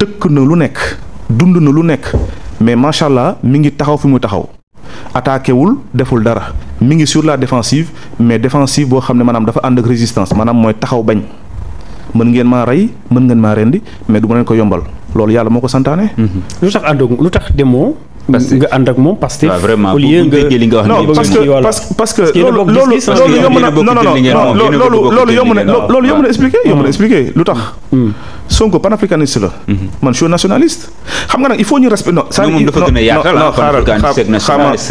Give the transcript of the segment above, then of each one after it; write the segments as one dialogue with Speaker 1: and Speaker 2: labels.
Speaker 1: tëkk na lu nekk dund na lu nekk mais macha allah mi ngi taxaw fi muy taxaw attaqué wul deful dara mi ngi sur la défensive mais défensive boo xam ne maanaam dafa ànd ak résistance maanaam mooy taxaw bañ mën ngeen maa rey mën ngeen maa rendi mais du ma leen ko yombal loolu yàlla moo ko santaane. Mm-hmm. lu tax ànd ak lu tax demoo. nga ànd ak moom parce que. loolu loolu yomb na loolu yomb na expliqué yomb mm-hmm. na expliqué lu tax. Mm-hmm. Sonko panafricaniste la. Mhm. man je suis xam nga nag il faut ñu respect non. saa moom dafa gën a yaatal ah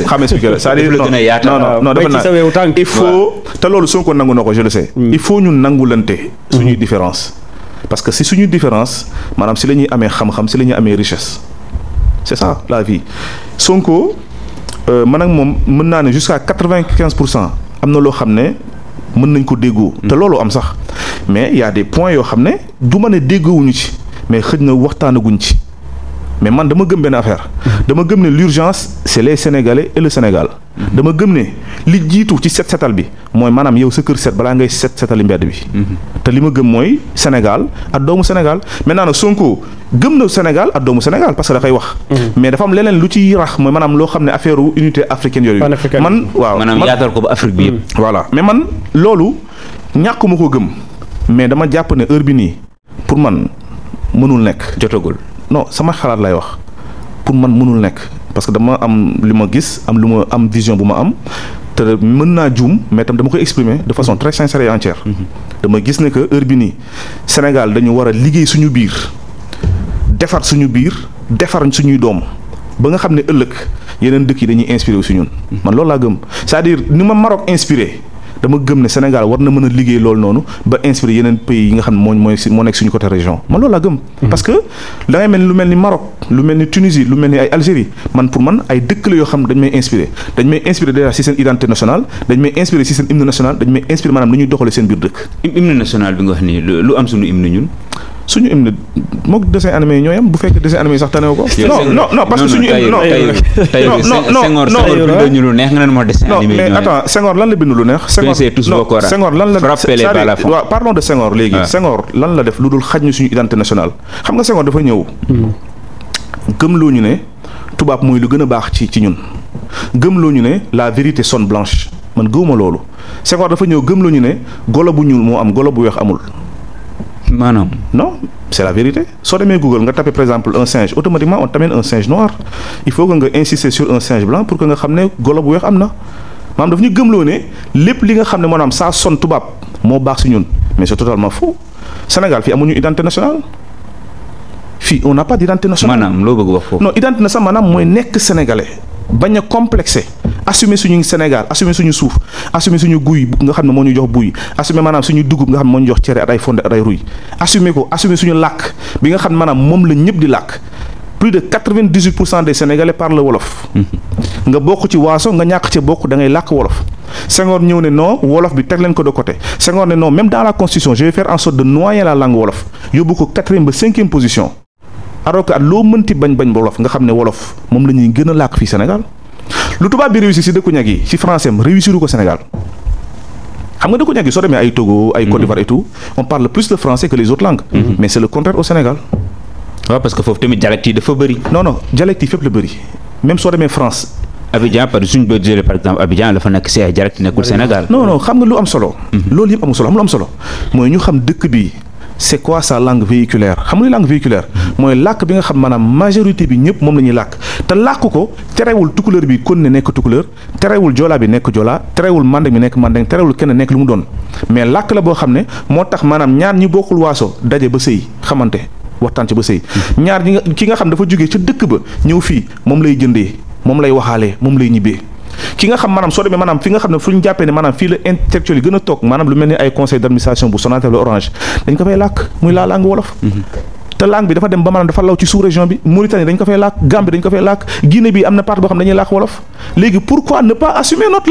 Speaker 1: xam expliqué la c'est-à-dire non non ah. non dafa naan il faut te loolu Sonko nangu na ko je le sais. Mm. il faut ñu nangulante. suñuy mm-hmm. différence parce que si suñu différence maanaam si lañuy amee xam-xam si la ñuy amee richesse c'est ça ah. la vie Sonko euh, man ak moom mën naa ne jusqu'à quatre-vingt-quinze pour cent am na loo xam ne mën nañ ko déggoo. Mm. te loolu am sax. mais y a des points yoo xam ne du ma ne déggoowuñu ci mais xëj na waxtaanaguñ ci mais man dama gëm benn affaire dama gëm ne l'urgence c'est les Sénégalais et le dama gëm ne li jiitu ci set setal bi mooy maanaam yow sa kër set balaa ngay set setali mbedd bi te li ma gëm mooy Sénégal ak doomu Sénégal naa nag Sonko gëm na Sénégal a doomu Sénégal parce que dafay wax mais dafa am leneen lu ci rax mooy maanaam loo xam ne affaire unité africaine yooyu man waaw maanaam yaatal ko ba Afrique bi yëpp voilà mais man loolu ñàkkuma ko gëm mais dama jàpp ne heure bi nii pour man mënul nekk. jotagul no sama xalaat lay wax pour man mënul nekk parce que dama am li ma gis am lu ma am vision bu ma am. te mën naa jum mais tam dama koy exprimer de façon très sincère et entière. Mhm. dama gis ne que heure bi nii Sénégal dañu war a liggéey suñu biir defar suñu biir defar suñuy doom ba nga xam ne ëllëg yeneen dëkk yi dañuy inspiré wu si ñun. Mhm. man loolu laa gëm cest à ni ma Maroc inspiré dama gëm ne Sénégal war na mën a liggéey loolu noonu ba inspiré yeneen pays yi nga xam ne moo mooy moo nekk suñu côté région man loolu gëm mhm. parce que da ngay mel ni lu mel ni Maroc lu mel ni Tunisie lu mel ni ay Algérie man pour man ay dëkk la yoo xam ne dañ may inspiré dañ may inspiré déjà si seen identité nationale dañ may inspiré si seen hymne national dañ may inspiré maanaam lu doxale seen biir dëkk hymne national bi nga suñu hymne mook dessin animé yi ñoo yam bu fekk dessin animé yi sax tanew ko. no non non parce que suñu hymne non non non non neex nga ne moo dessin animé mais lan la bindu lu neex. Senghor lan la def waaw parlons de Senghor léegi ah. Senghor lan la def lu dul xaj ñu suñu identité xam nga Senghor dafa ñëw mm-hmm. gëmloo ñu ne tubaab mooy lu gën a baax ci ci ñun gëmloo ñu ne la vérité sonne blanche man gëwuma loolu Senghor dafa ñëw gëmloo ñu ne golo bu ñuul moo am golo bu weex amul maanaam. non c' la vérité soo demee Google nga tapé par exemple un singe automatiquement on t'amène un singe noir il faut que nga insister sur un singe blanc pour que nga xam ne golo bu weex am na maanaam daf ñu gëmloo ne lépp li nga xam ne am saa son tubaab moo baax si ñun mais c' est totalement faux Sénégal fii amuñu identité nationale. fii on n'a pas d' identité nationale. maanaam loo bëgg wax foofu. non na nationale manaam mooy nekk sénégalais. bañ a complexé assumer suñu Sénégal assumer suñu suuf assumer suñu guy nga xam ne moo ñu jox buy assumer maanaam suñu dugub nga xam ne moo ñu jox cere at ay fonde at ay ruy assumer ko assumer suñu làkk bi nga xam ne maanaam moom la ñëpp di làkk plus de quatre-vingt-dix-huit pour cent des wolof. Mm-hmm. nga bokk ci waaso nga ñàkk ci bokk da ngay làkk wolof. Senghor ñëw ne non wolof bi teg leen ko de côté Senghor ne non même dans la constitution je vais faire en sorte de noyer la langue alors que at loo mënti bañ bañ wolof nga xam ne wolof moom la ñuy gën a làkk Sénégal lu tubaab bi réussir si dëkku ñag yi si français am réussiru ko Sénégal xam nga dëkku ñag yi soo demee ay Togo ay Côte mhm. d'Ivoire et on parle plus le français que les autres langues mhm. mais c'est le contraire au Sénégal waaw parce que foofu tamit dialecte yi dafa bëri non non dialecte yi fépp la bëri même soo demee France Abidjan par suñ ba jëlee par exemple Abidjan la fa nekk si ay dialecte nekkul Sénégal non non xam nga lu am solo mhm. loolu yëpp amul solo am lu am solo bi c' est quoi sa langue véhiculaire xam nga langue véhiculaire mooy làkk bi nga xam maanaam majorité bi ñëpp moom la ñuy làkk te làkk ko terewul tukulër bi kon ne nekk tukulër terewul joolaa bi nekk joolaa terewul mandeng bi nekk mandeng terewul kenn nekk lu mu doon mais làkk la boo xam ne moo tax maanaam ñaar ñi bokkul waaso daje ba sëy xamante waxtaan ci ba sëy ñaar ñi ki nga xam dafa jógee ca dëkk ba ñëw fii moom lay jëndee moom lay waxaale moom lay ñibbee ki nga xam maanaam soo demee maanaam fi nga xam ne fu ñu jàppee ne maanaam fii la intellectuel yi gën a toog maanaam lu mel ni ay conseil d'administration bu Sonatel Orange dañ ko fay làkk muy la langue wolof te langue bi dafa dem ba maanaam dafa law ci sous région bi Mauritanie dañ ko fay làkk Gambie dañ ko fay làkk Guinée bi am na part boo xam ne dañuy làkk wolof léegi pourquoi ne pas assumer notre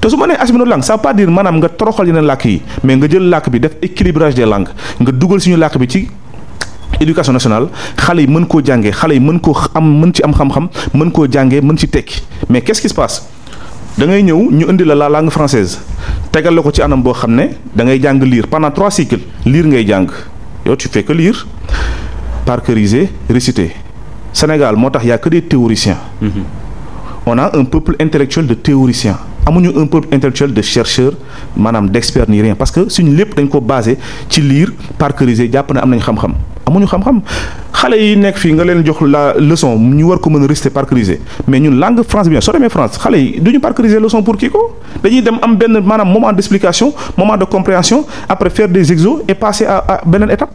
Speaker 1: te su ma nee assumer notre langue ça veut dire maanaam nga toroxal yeneen làkk yi mais nga nga dugal suñu làkk bi ci éducation nationale xale yi mën koo jàngee xale yi mën koo am mën ci am xam mën koo jàngee mën ci tekki mais qu'est-ce qui da ngay ñëw ñu indi la la langue française tegal la ko ci anam boo xam ne da ngay jàng liir pendant trois cycles liir ngay jàng yow tu fekk liir lire parcœuriser réciter Sénégal moo tax yaa a que des théoriciens. Mhm. un peuple intellectuel de théoriciens. amuñu un peuple intellectuel de chercheurs maanaam d' experts ni rien parce que suñu lépp dañu ko basé ci liir parcœuriser jàpp na am nañu xam-xam. amuñu xam-xam xale yi nekk fii nga leen jox la leçon ñu war ko mën a rester parcuriser mais ñun langue France bi soo demee France xale yi du ñu parcuriser leçon pour kii ko dañuy dem am benn maanaam moment d'explication moment de compréhension après faire des exos et passer à beneen étape.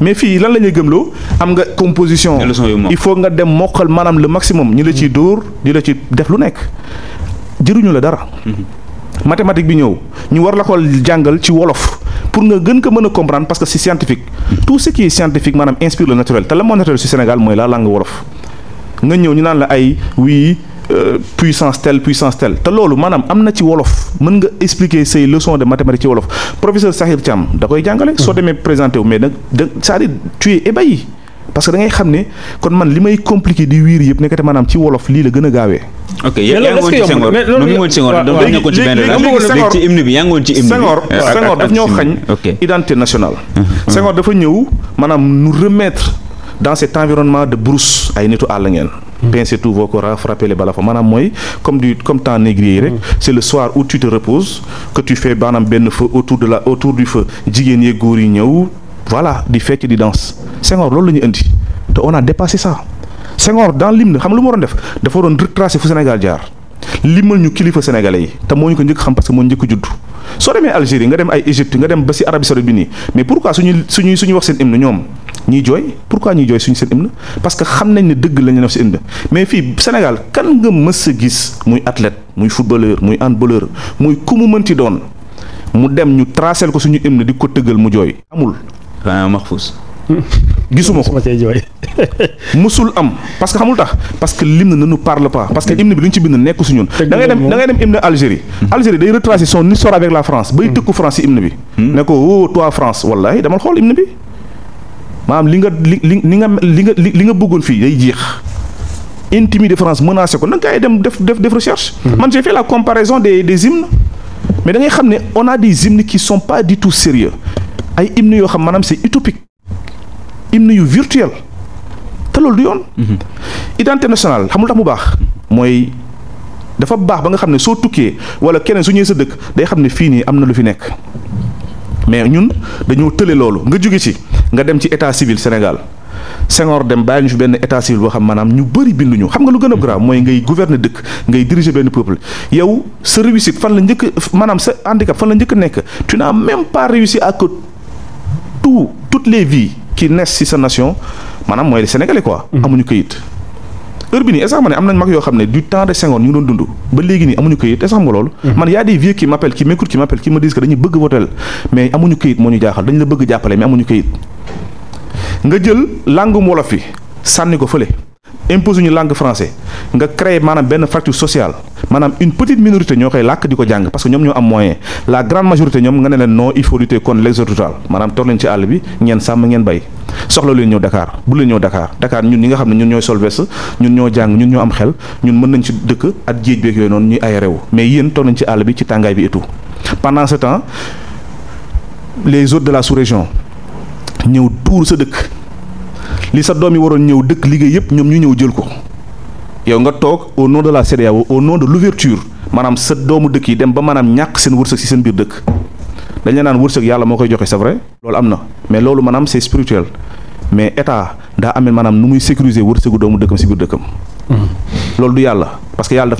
Speaker 1: mais fii lan la ñuy gëmloo am nga composition. il faut nga dem mokkal maanaam le maximum. ñu la ciy dóor ñu la ci def lu nekk jëruñu la dara. Mm-hmm. mathématique bi ñëw ñu war la ko jàngal ci wolof pour nga gën ko mën a comprendre parce que c'est scientifique. tout ce qui est scientifique maanaam inspire le naturel te la moo naturel ci Sénégal mooy la langue wolof nga ñëw ñu naan la ay wii euh, puissance telle puissance telle te loolu maanaam am na ci wolof mën nga expliquer say leçons de mathématiques ci wolof professeur Sahir Thiam da koy jàngale. soo demee présenté wu mais nag da c'est-à-dire parce que da ngay xam ne kon man li may compliqué di wiir yëpp nekkati maanaam ci wolof lii la gën a gaawee. ok yaa ngi woon ci Senghor noonu ñu woon Senghor dafa nekkoon dafa ñëw maanaam nous remettre dans cet environnement de brousse ay nitu àll ngeen pincez tous vos koras frappez les balafons maanaam mooy comme du comme temps négrier yi rek c'est le soir où tu te reposes que tu fais maanaam benn feu autour de la autour jigéen yeeg góor yi ñëw voilà di fecc di danse Senghor loolu la ñu indi te on a dépassé ça Senghor dans l'hymne xam lu mu waroon def dafa roon retracer fu Sénégal jaar limal ñu kilifa sénégalais yi te moo ñu ko njëkk xam parce que moo njëkk judd soo demee Algérie nga dem ay Égypte nga dem ba si Arabie Saoudite bi nii mais pourquoi suñu suñuy suñuy wax seen hymne ñoom ñiy jooy pourquoi ñuy jooy suñu seen hymne parce que xam nañ ne dëgg la ñu def si hymne mais fii Sénégal kan nga mës a gis muy athlète muy footballeur muy handballeur muy ku mu mënti doon mu dem ñu tracel ko suñu hymne di ko tëggal mu jooy amul Mahfouz gisuma ko musul am parce que xamul tax parce que l'hymne ne nous parle pas parce que mm. hymne bi lu ñu ci bind nekk su ñun da ngay dem da ngay dem hymne Algérie mm. Algérie day retracer son histoire avec la France bay mm. tëkku France ci hymne bi ne ko woo oh, toi France wallahi damal xool hymne bi maanaam li nga li li nga li nga li nga bëggoon fii day jeex intimider France menacé ko na nga dem def def def recherche man j'ai la comparaison des des hymnes mais da ngay ne on a des hymnes qui tout sérieux ay hymne yoo xam maanaam si utopique hymne yu virtuel te loolu du yoon. Mhm. identité nationale xamul tax mu baax mooy dafa baax ba nga xam ne soo tukkee wala keneen su ñëwee sa dëkk day xam ne fii nii am na lu fi nekk mais ñun dañoo tële loolu nga jóge ci nga dem ci état civil Sénégal. Senghor dem bàyyi ñu fi benn état civil boo xam maanaam ñu bëri binduñu xam nga lu gën a grave mooy ngay guverne dëkk ngay diriger benn peuple yow sa réussite fan la njëkk maanaam sa handicap fan la njëkk nekk tu n'as même pas réussi à tout toutes les vies qui naissent ci sa nation maanaam mooy les sénégalais quoi. Mhm. amuñu këyit. heure bi nii est ma ne am nañ mag yoo xam ne du temps de Senghor ñu doon dund ba léegi nii amuñu këyit est-ce que xam nga loolu mhm. man y a des vieux qui m'appellent qui m'écoutent qui m'appellent qui me bëgg voter mais amuñu këyit moo ñu jaaxal dañu la bëgg jàppale mais amuñu këyit nga jël langue wolof yi sànni ko fële impose ñu langue français nga créer maanaam benn fracture sociale maanaam une petite minorité ñoo koy làkk di ko jàng parce que ñoom ñoo am moyen la grande majorité ñoom nga ne leen non il faut lutter contre l'exode rural maanaam toog leen ci àll bi ngeen sàmm ngeen bay soxla leen ñëw Dakar bu leen ñëw Dakar Dakar ñun ñi nga xam ne ñun ñooy solves ñun ñoo jàng ñun ñoo am xel ñun mën nañ ci dëkk ak jéej beeg yooyu noonu ñuy ay réew mais yéen toog nañ ci àll bi ci tàngaay bi et tout pendant ce les autres de la sous-région ñëw tuur sa dëkk li sa doom yi waroon ñëw dëkk liggéey yëpp ñoom ñu ñëw jël ko yow nga toog au nom de la CEDEAO au nom de l'ouverture maanaam sa doomu dëkk yi dem ba maanaam ñàkk seen wërsëg ci seen biir dëkk dañ la naan wërsëg yàlla moo koy joxe sa vrai loolu am na mais loolu maanaam c'est spirituel mais état daa amee maanaam nu muy sécuriser wërsëgu doomu dëkkam ci biir dëkkam. Hmm. loolu du yàlla parce que yàlla